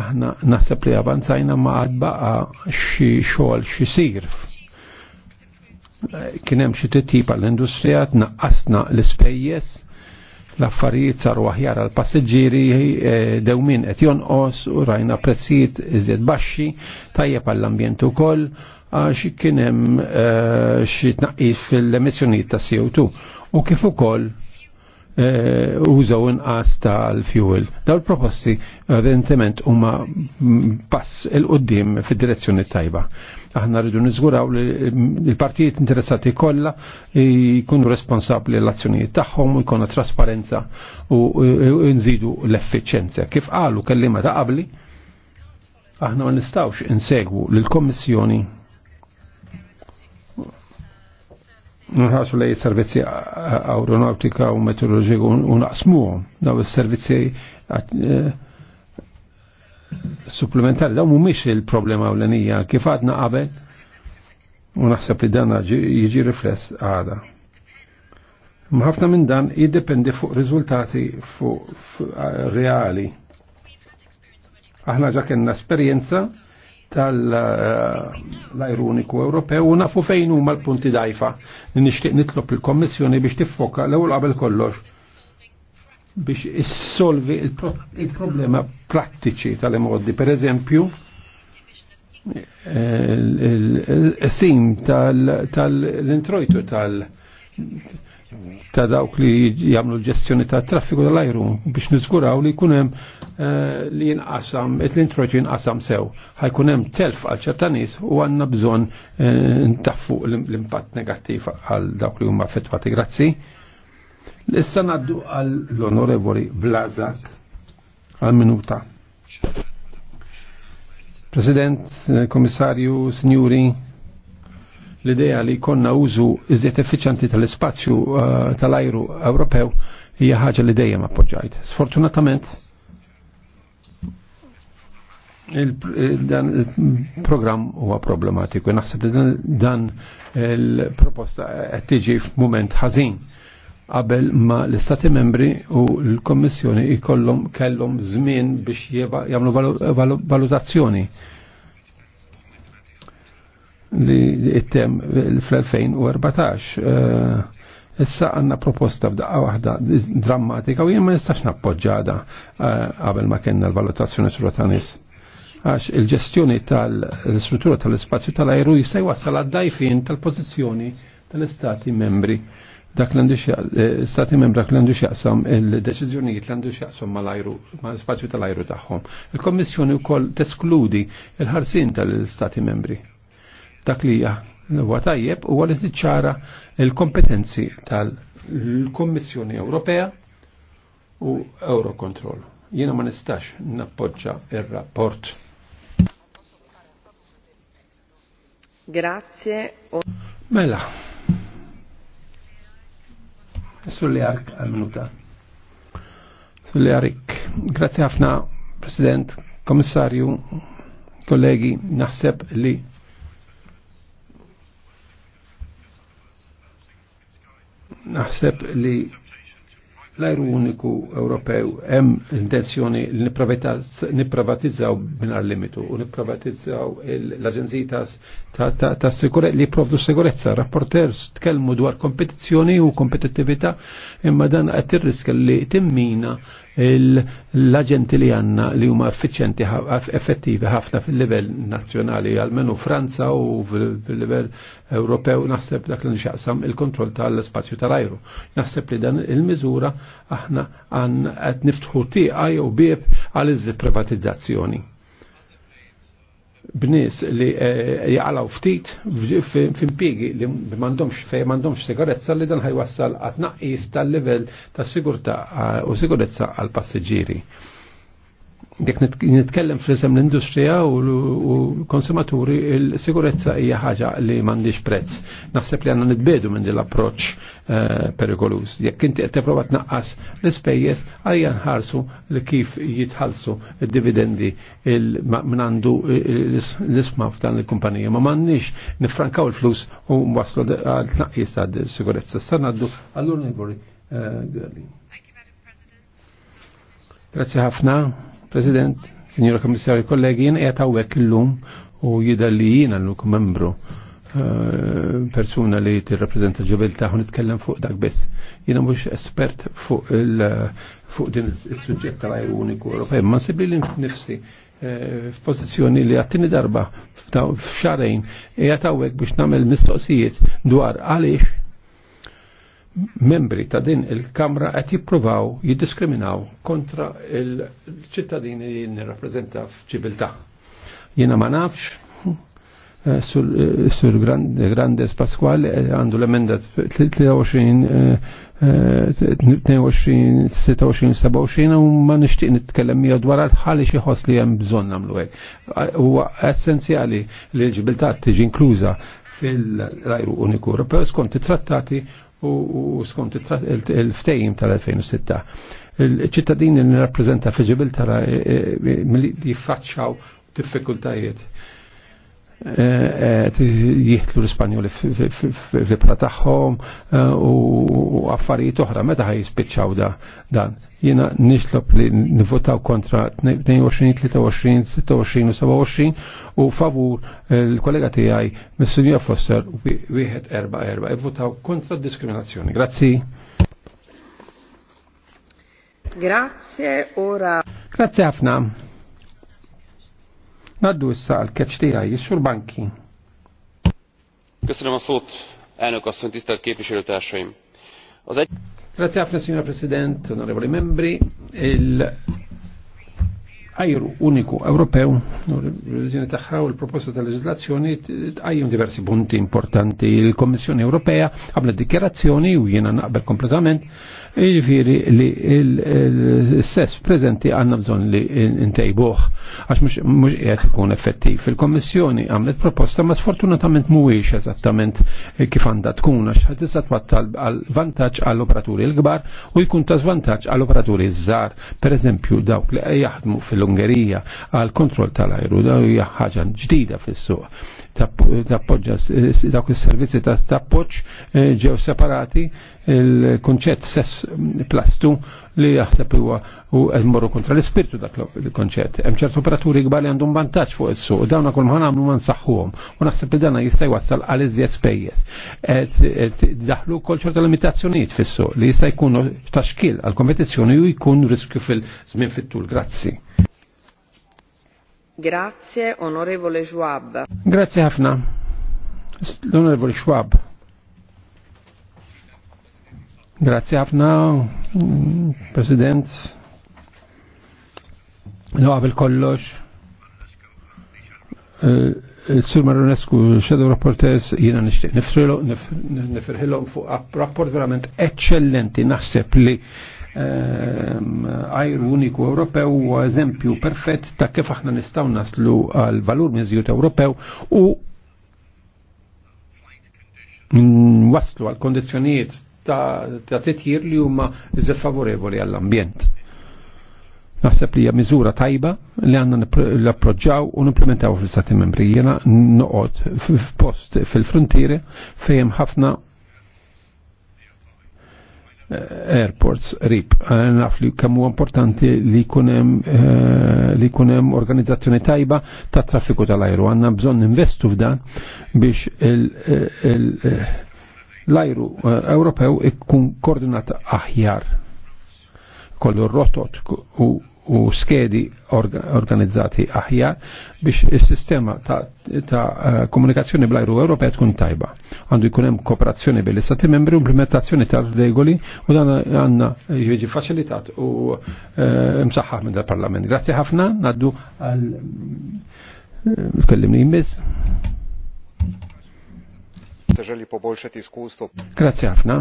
aħna naħseb li avanzajna ma għad xie xi xogħol xi sir kien hemm xi titjib għall-industrija tnaqqasna l-ispejjeż l-affarijiet saru aħjar għal passiġġieri e, dew min qed jonqos u rajna prezzijiet iżjed baxxi tajjeb għall-ambjent ukoll għax kien hemm e, xi tnaqqis fil-emissjonijiet ta' CO2 u kif ukoll Eh, użaw inqas tal-fuel. Daw proposti evidentement huma pass il-qoddim fid-direzzjoni tajba. Aħna rridu niżguraw li l-partijiet interessati kollha jkunu responsabbli l-azzjonijiet tagħhom u jkollna trasparenza u nżidu l-effiċenza. Kif qalu kellima ta' qabli, aħna ma nistgħux insegwu lill-Kommissjoni nħasu li servizzi aeronautika u meteoroloġiku u naqsmuhom daw il servizzi eh, supplementari daw mhumiex il-problema u l ewlenija kif għadna qabel u naħseb li dan jiġi rifless għada. Mħafna minn dan jiddependi fuq riżultati fuq eh, reali. Aħna ġakenna esperienza tal-ironiku Ewropew u nafu fejn huma l-punti dajfa. Nixtieq nitlob il-Kommissjoni biex tiffoka l-ewwel qabel kollox biex issolvi il-problema prattiċi tal imodi Per eżempju, eh, il-sim tal-introjtu tal-, tal, tal ta' dawk li jagħmlu l-ġestjoni ta' traffiku tal-ajru biex niżguraw li jkun hemm eh, li jinqasam l introjtu jinqasam sew. Ħajkun hemm telf għal ċerta nies u għandna bżonn eh, ntaffu l-impatt negattiv għal dawk li huma affettwati. Grazzi. Issa ngħaddu għall onorevoli Blazak għal minuta. President, eh, Komissarju, Signuri, l-idea li konna użu iżjed effiċanti tal-ispazju eh, tal-ajru Ewropew hija ħaġa li dejjem appoġġajt. Sfortunatament, il-program huwa problematiku. Naħseb li dan il-proposta qed tiġi f'mument ħażin qabel ma l-Istati membri u l-Kommissjoni jkollhom kellhom żmien biex jagħmlu valutazzjoni li jittem fl-2014. Eh, issa għanna proposta b'daqqa waħda drammatika u jien ma nistax nappoġġada eh, qabel ma kellna l-valutazzjoni sur tanis. Għax il-ġestjoni tal-istruttura tal-ispazju tal-ajru jista' jwassal għad tal-pożizzjoni tal-istati membri dak l-stati eh, dak l-għandu xaqsam il-deċizjonijiet l-għandu xaqsam mal-ajru, mal-spazju tal-ajru tagħhom. Il-Kommissjoni wkoll teskludi il-ħarsin tal istati membri. Dak li huwa tajjeb huwa li tiċċara l-kompetenzi tal-Kommissjoni Ewropea u Eurocontrol. Jiena ma nistax nappoġġa ir-rapport. Grazie. Mela. Sulli għak għal-minuta. Sulli għarik. Grazie ħafna, President, Komissarju, kollegi, naħseb li naħseb li l-ajru uniku Ewropew hemm intenzjoni li nipprivatizzaw mingħajr limitu u nipprivatizzaw l-aġenziji ta' sikure li jipprovdu sikurezza. Rapporters tkellmu dwar kompetizzjoni u kompetittività imma dan qed tirriska li timmina l-aġenti li għanna li huma effiċenti effettivi ħafna fil-livell nazzjonali għalmenu Franza u fil-livell Ewropew naħseb dak li nxaqsam il-kontroll tal-spazju tal-ajru. Naħseb li dan il-miżura aħna għan qed niftħu tieqa jew bieb għal iż privatizzazzjoni b'nies li eh, jgħalaw ftit f'impjiegi li m'għandhomx fej m'għandhomx sikurezza li dan ħajwassal għat tnaqqis tal-livell ta' sigurtà eh, u sigurezza għall passiġġieri. Jekk nitkellem fl-isem l-industrija u l-konsumaturi, il-sigurezza hija ħaġa li m'għandix prezz. Naħseb li għandna nitbedu minn l-approċċ eh, perikolus. Jekk inti qed tipprova tnaqqas l-ispejjeż, għajja nħarsu li kif jitħallsu d-dividendi minn għandu l-isma f'dan il-kumpanija. Ma m'għandniex nifrankaw il-flus u waslu għal tnaqqis ta' sigurezza. Sa ngħaddu allura niburi Girling. Grazie ħafna. President, Signor Komissarju, kollegi, jien għawek l illum u jidher li l-lum membru eh, persuna li tirrappreżenta ġobilta taħu nitkellem fuq dak biss. Jiena mhux espert fuq fuq din is sujġetta għaj uniku Ewropej, ma nsibli li nifsi eh, f'pożizzjoni li għattini darba f'xarejn qiegħed għawek biex nagħmel mistoqsijiet dwar għaliex membri ta' din il-Kamra qed jippruvaw jiddiskriminaw kontra il-ċittadini li nirrappreżenta f'ċiviltà. Jiena ma nafx eh, eh, sur Grandes Pasquale eh, għandu l emenda 22 23-26-27 u ma nishtiq nitkellem miegħu dwar ħalli xi ħoss li hemm bżonn nagħmlu hekk. Huwa essenzjali li l-ġibiltat tiġi inkluża fil-rajru uniku Ewropew skont it-trattati u skont il-ftejim tal-2006. Il-ċittadini li rappresenta fiġibil tara e, e, e, jiffaċċaw diffikultajiet jihtlu l-Ispanjoli f-libra tagħhom u affarijiet oħra meta ħaj jispiċċaw da dan. Jiena nixlop li nivotaw kontra 22, 23, 26 u 27 u favur l-kollega tiegħi mis-Sinjor Foster wieħed erba' erba' ivvotaw kontra diskriminazzjoni. Grazzi. Grazie, ora. Grazie ħafna. Naddu issa għal keċ tijaj, jissur banki. Köszönöm a szót, elnök asszony, tisztelt képviselőtársaim. Az egy... Grazie, Signora President, onorevoli membri. Il ajru uniku Ewropew, revizjoni taħħa u l-proposta tal-leġislazzjoni tqajjem diversi punti importanti. Il-Kommissjoni Ewropea għamlet dikjerazzjoni u jiena naqbel kompletament jiġifieri li l-sess preżenti għandna bżonn li ntejbuh għax mhux qiegħed ikun effettiv. Il-Kommissjoni għamlet proposta ma sfortunatament mhuwiex eżattament kif għandha tkun għax ħadd issa għal vantaġġ għall-operaturi l-kbar u jkun ta' żvantaġġ għall-operaturi per pereżempju dawk li jaħdmu fil l-Ungerija għal kontroll tal-ajru, da hija ħaġa ġdida fis-suq. Tappoġġa dawk is-servizzi ta' tappoġġ eh, ġew separati il-konċett sess plastu li jaħseb huwa u morru kontra l-ispirtu dak il-konċett. Hemm ċertu operaturi kbar li għandhom vantaġġ fuq is-suq, dawn kull ma nagħmlu ma nsaħħuhom u naħseb li dana jista' jwassal għal iżjed spejjeż. Daħlu wkoll ċerta limitazzjonijiet fis-suq li jista' jkunu taxkil għal kompetizzjoni u jkun riskju fil-żmien fit-tul. Grazzi. Grazie, onorevole Schwab. Grazie ħafna. l Schwab. Grazie ħafna, mm, President. No, għabel kollox. Uh, eh, Sur Maronescu, Shadow Rapporters, jina nishtiq nifrħilom fuq rapport verament eccellenti naħseb li għajr ehm, uniku Ewropew u eżempju perfett ta' kif aħna nistaw naslu għal valur miżjut Ewropew u waslu għal kondizjoniet ta' titjir li huma iżet favorevoli għall-ambjent. Naħseb li hija miżura tajba li għandna l-approġġaw u nimplementaw fl-Stati membri. Jena noqgħod f'post fil frontieri fejn ħafna eh, airports rib. Eh, naf li kemm huwa importanti eh, li jkun hemm organizzazzjoni tajba ta' traffiku tal-ajru. Għandna bżonn investu f'dan biex l-ajru Ewropew ikun koordinat aħjar kollu rotot u u skedi organizzati aħjar biex il-sistema ta', ta eh, komunikazzjoni bl-ajru Ewropea tkun tajba. Għandu jkun hemm kooperazzjoni bil istati membri u implementazzjoni tal-regoli u dan għandna jiġi faċilitat u eh, msaħħaħ minn dal-Parlament. Grazie ħafna, naddu għal eh, kellimni jimbiz. Grazie ħafna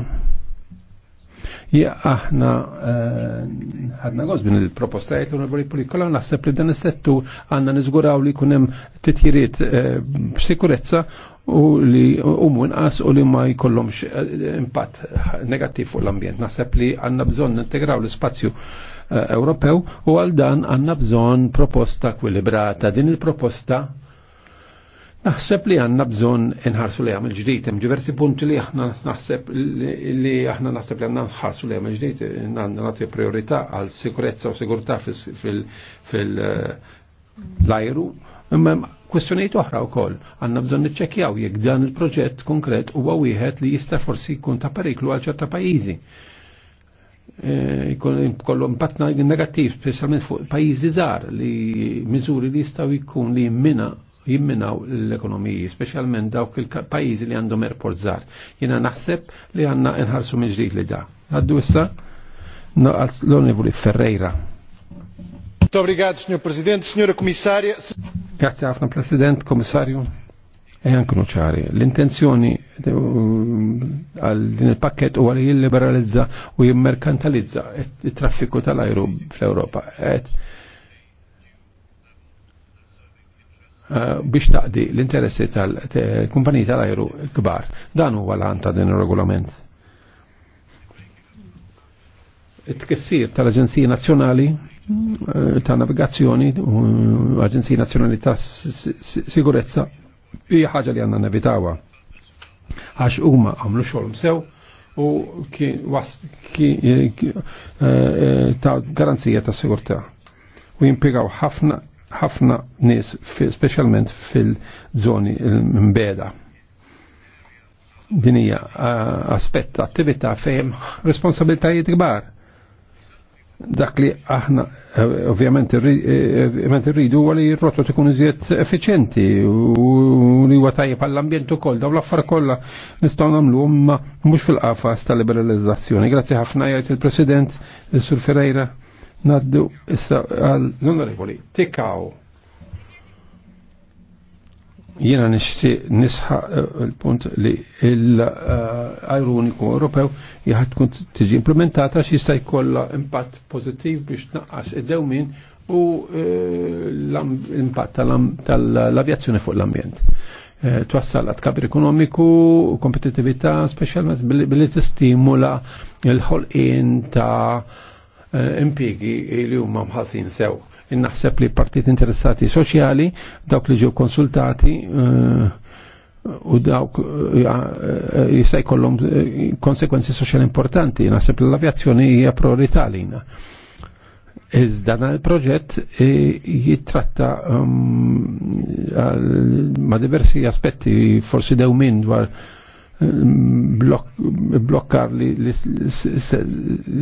aħna eh, ħadna għoz bin il-propostajt l-onorvoli polikola naħseb li dan is-settur għanna nizguraw li kunem titjiriet eh, b'sikurezza u li umu inqas u li ma jkollomx eh, impatt negattiv fuq l-ambjent. Naħseb li għanna bżon integraw l-spazju Ewropew u għal dan għanna bżon proposta kwilibrata. Din il-proposta Naħseb li għanna bżon nħarsu li għamil ġdijt, hemm diversi punti li aħna naħseb li aħna naħseb li għanna nħarsu li għamil ġdijt, għanna nagħti priorita għal sikurezza u sigurta fil-ajru, eh, imma kwestjonijiet oħra wkoll għandna bżonn niċċekkjaw jekk dan il-proġett konkret huwa wieħed li jista' forsi jkun ta' periklu għal ċerta pajjiżi. Eh, Kollu impatt negattiv specialment fuq pajjiżi żgħar li miżuri li jistgħu jkun li jimmina jimminaw l-ekonomiji, specialment dawk il-pajizi li għandhom airport zar. Jina naħseb li għanna nħarsu mill-ġdid li da. Għaddu issa, l-onivuli Ferreira. Obrigado, Sr. Presidente, Sra. Commissária. Grazie, Afna President, Commissario. E anche nuċari. L-intenzjoni għal uh, din il-pakket u għal jilliberalizza u jimmerkantalizza il-traffiku tal-ajru fl-Europa. Eh, biex taqdi l-interessi tal-kumpaniji tal-ajru kbar. Dan huwa l-għan ta' din ir-regolament. It-tkessir tal-Aġenziji eh, Nazzjonali ta' navigazzjoni, Aġenziji Nazzjonali ta' Sigurezza, hija ħaġa li għandna nevitawa. Għax huma għamlu xolm sew u eh, ta' garanzija ta' sigurtà. U jimpiegaw ħafna ħafna nies specialment fil-żoni mbeda. Din hija aspett ta' attività fejn responsabiltajiet kbar. Dak li aħna eh, eh, ovvjament irridu huwa li r-rotot ikun iżjed effiċenti, u li huwa tajjeb għall-ambjent ukoll dawn l-affar kollha nistgħu nagħmluhom mhux fil-qafas tal-liberalizzazzjoni. Grazzi ħafna jgħid il-President Sur Ferreira. Naddu issa għall-onorevoli Tikaw. Jiena nixtieq nisħa eh, l-punt li l-ajruniku Ewropew jħad tkun tiġi implementata xi jista' jkollha impatt pożittiv biex tnaqqas id-dewmin u eh, l-impatt tal-avjazzjoni fuq l-ambjent eh, twassal għat kabir ekonomiku, kompetitività, specialment billi tistimula l ħolqien ta' Eh, impjegi li huma mħassin sew. Innaħseb li partit interessati soċjali, dawk li ġew konsultati eh, u dawk eh, jista' jkollhom konsekwenzi soċjali importanti. Naħseb li l-avjazzjoni hija priorità lina. Iżda dan il-proġett jitratta mm, ma' diversi aspetti forsi dewmin dwar blokkar li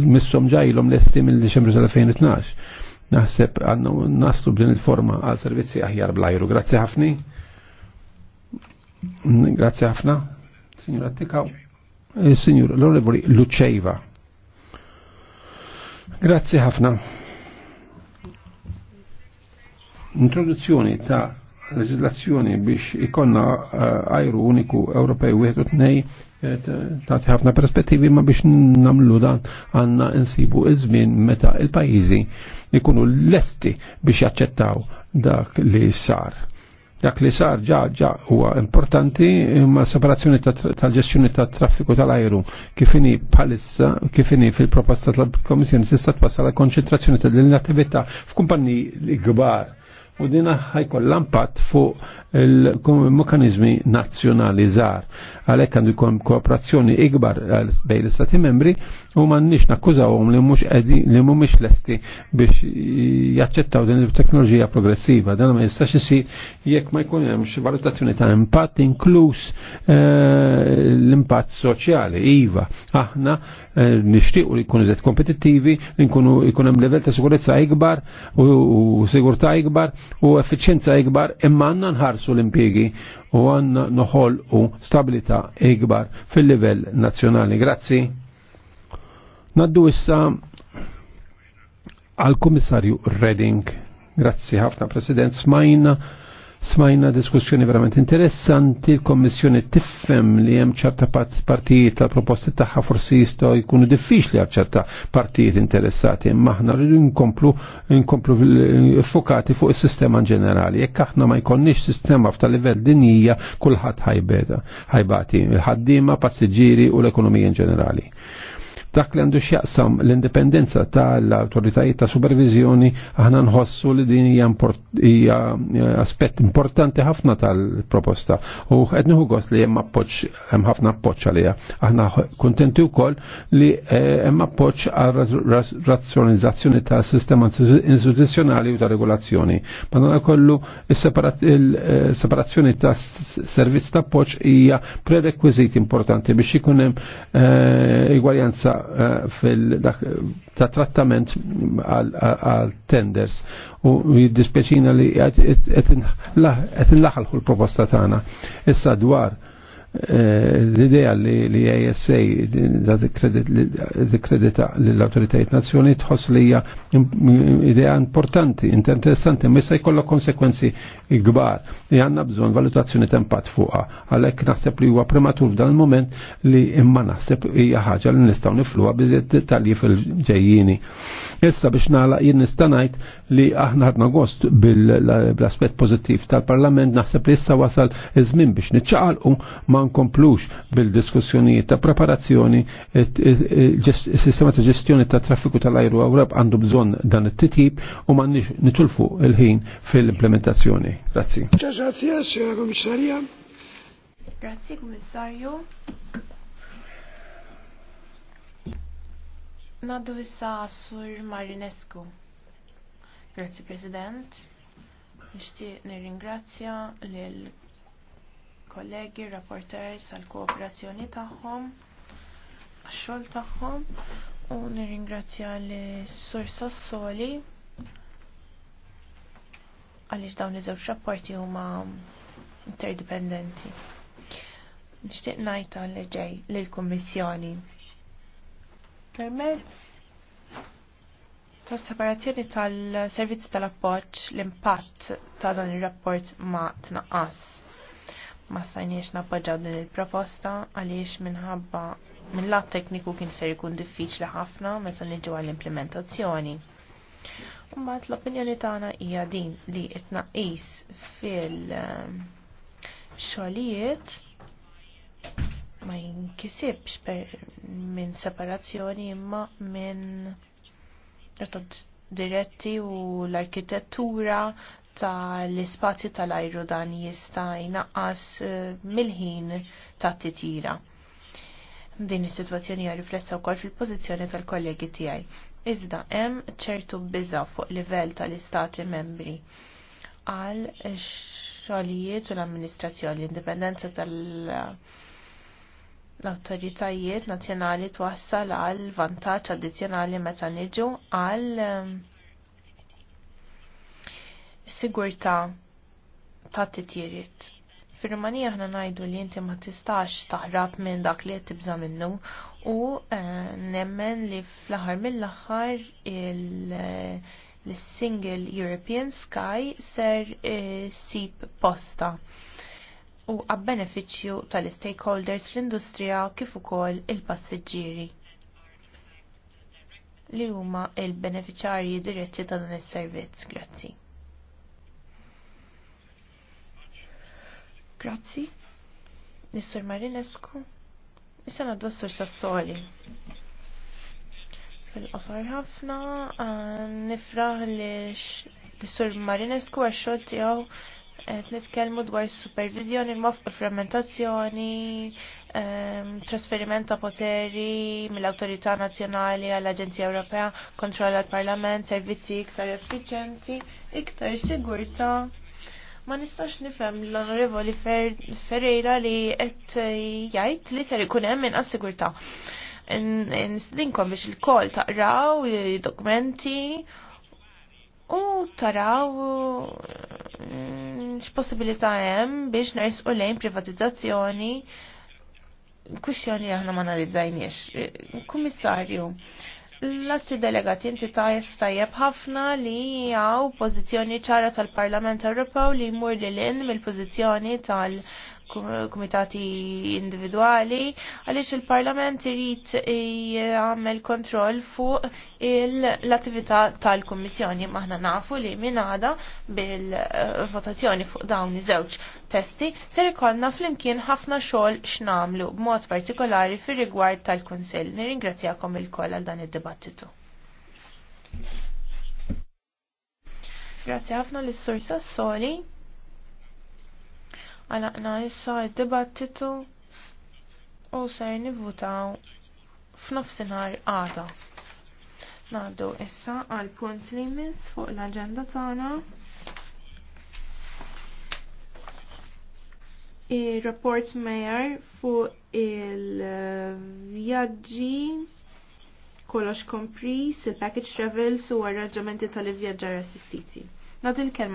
missom ġajlom l estim il deċembru 2012. Naħseb għannu nastu b'din il-forma għal servizzi aħjar blajru. Grazzi ħafni. Grazzi ħafna. Signora Tikaw. Eh, signor, l-onorevoli Luceiva. Grazzi ħafna. Introduzzjoni ta' leġislazzjoni biex ikonna eh, ajru uniku Ewropej wieħed u tnej eh, tagħti ħafna perspettivi ma biex namlu dan għandna insibu iż-żmien meta il-pajjiżi ikunu lesti biex jaċċettaw dak li sar. Dak li sar ġa ġa huwa importanti ma separazzjoni tal-ġestjoni tat-traffiku tal-ajru kifini bħalissa kifini fil-proposta tal-Komissjoni tista' la' konċentrazzjoni tal-attività f'kumpanni kbar u dina ħajkollha impatt fuq il-mekanizmi nazzjonali zar. Għalhekk għandu jkun kooperazzjoni ikbar bejn l-Istati membri u m'għandniex nakkużawhom li mhux li mhumiex lesti biex jaċċettaw din il-teknoloġija progressiva. Dan ma jistax isir jekk ma jkun hemmx valutazzjoni ta' impatt inkluż eh, l-impatt soċjali. Iva, aħna eh, nixtiequ li jkunu żed kompetittivi, li nkunu jkun hemm level ta' sigurezza ikbar u sigurtà ikbar u effiċjenza ikbar imma għandna nħarsu innaqsu l-impiegi u għanna noħol u stabilita ikbar fil-livell nazjonali. Grazzi. Naddu issa għal-Komissarju Redding. Grazzi ħafna President Smajna Smajna diskussjoni verament interessanti, l-Kommissjoni tiffem li hemm ċerta partijiet tal-proposti tagħha forsi jistgħu jkunu diffiċli għal ċerta partijiet interessati, imma aħna rridu nkomplu nkomplu fokati fuq is-sistema ġenerali. Jekk aħna ma jkollniex sistema f'ta' livell dinjija kulħadd ħajbeta ħajbati, il-ħaddiema, passiġġieri u l-ekonomija in ġenerali. Dak li għandu x'jaqsam l-indipendenza tal-autoritajiet ta' supervizjoni aħna nħossu li din hija eh, aspett importanti ħafna tal-proposta u qed nieħu gost li hemm appoġġ hemm ħafna appoġġ għaliha. Aħna kuntenti wkoll li eh, hemm appoġġ għal razzjonizzazzjoni ta' sistema istituzzjonali u ta' regolazzjoni. Ma kollu il-separazzjoni eh, ta' servizz ta' appoġġ hija prerekwiżit importanti biex ikun hemm igwaljanza ta' trattament għal tenders u jiddispeċina li qed laħalħu l-proposta tagħna. Issa dwar Eh, l-idea li li ASA da kredita l autoritajt nazzjoni tħoss li hija idea importanti, interessanti, ma jista' jkollha konsekwenzi kbar li għandna bżonn valutazzjoni tempat fuqha. Għalhekk naħseb li huwa prematur f'dan il-moment li imma naħseb hija ħaġa li nistgħu nifluha biżiet dettalji fil-ġejjini. Issa biex nagħlaq jien nista' ngħid li aħna ħadna gost bil-aspett pożittiv tal-Parlament naħseb li issa wasal iż-żmien biex niċċaqalqu ma' nkomplux bil-diskussjonijiet ta' preparazzjoni il-sistema ta' ġestjoni ta' traffiku tal-ajru Ewrop għandu bżonn dan it-titjib u nix nitulfu il-ħin fil-implementazzjoni. Grazzi. Grazzi, Kummissarju. Naddu issa sur Marinescu. Grazzi President. Nishtiq nirringrazzja l kollegi, rapporters tal-kooperazzjoni tagħhom, għax-xogħol tagħhom u nirringrazzja lis sur Sassoli għaliex dawn iż-żewġ rapporti huma interdipendenti. Nixtieq ngħid għal ġej lill-Kummissjoni. Permezz ta' separazzjoni tal-servizzi tal-appoġġ l-impatt ta' dan ir-rapport ma tnaqqas ma stajniex nappoġġaw din il-proposta għaliex minħabba minn lat tekniku kien ser jkun diffiċli ħafna meta niġu għall-implementazzjoni. Mbagħad l-opinjoni tagħna hija din li t tnaqqis fil-xogħlijiet ma jinkisibx minn separazzjoni imma minn diretti u l-arkitettura tal-ispazju tal-ajru dan jista' jnaqqas eh, mill-ħin ta' titira. Din is-sitwazzjoni hija riflessa wkoll fil-pożizzjoni tal-kollegi tiegħi. Iżda hemm ċertu biża fuq livell tal-istati membri għal xogħlijiet u l-amministrazzjoni l-indipendenza tal- awtoritajiet nazzjonali twassal għal vantaġġ addizzjonali meta niġu għal eh, sigurtà ta' titjiriet. Fir-Rumanija ħna ngħidu li inti ma tistax taħrab minn dak li qed tibża minnu u eh, nemmen li fl-aħħar mill-aħħar il-Single eh, European Sky ser eh, sip posta u għab-benefiċċju tal-stakeholders fl-industrija kif ukoll il-passiġġieri li huma il-beneficjarji diretti ta' dan is-servizz. Grazzi. Grazzi. Nissur Marinescu. Issa naddu s-sur Sassoli. Fil-qosor ħafna, nifraħ li l-sur Marinescu għaxxol tijaw nitkelmu dwar supervizjoni, frammentazzjoni, ehm, trasferiment ta' poteri mill-Autorità Nazzjonali għall-Aġenzija Ewropea, kontrolla l parlament servizzi iktar effiċenti, iktar sigurta' Ma nistax nifhem l-Onorevoli Ferreira li qed jgħid li ser ikun hemm inqas sigurtà. Nislinkom biex il-kol taqraw dokumenti u taraw mm, x'possibilità hemm biex nersqu lejn privatizzazzjoni kwistjoni aħna ma analizzajniex. Kummissarju, L-assi delegati inti tajf tajjeb ħafna li għaw pozizjoni ċara tal-Parlament Ewropew li jmur li l-in mill-pozizjoni tal-Parlament kumitati individuali għaliex il-Parlament irid jagħmel kontroll fuq l-attività tal-Kummissjoni maħna nafu li minn bil-votazzjoni fuq dawn zewċ testi ser ikollna flimkien ħafna xogħol x'namlu b'mod partikolari fir-rigward tal-Kunsill. Nirringrazzjakom il-koll għal dan id-dibattitu. Grazie ħafna l-Sur Sassoli. Għalaqna issa id-dibattitu u ser nivvutaw f'nofsinhar għada. Naddu issa għal punt li jmiss fuq l agenda tagħna. il-rapport mejar fuq il-vjaġġi kollox kompris, il-package travels u arranġamenti tal-vjaġġar assistiti. Nad il-kelma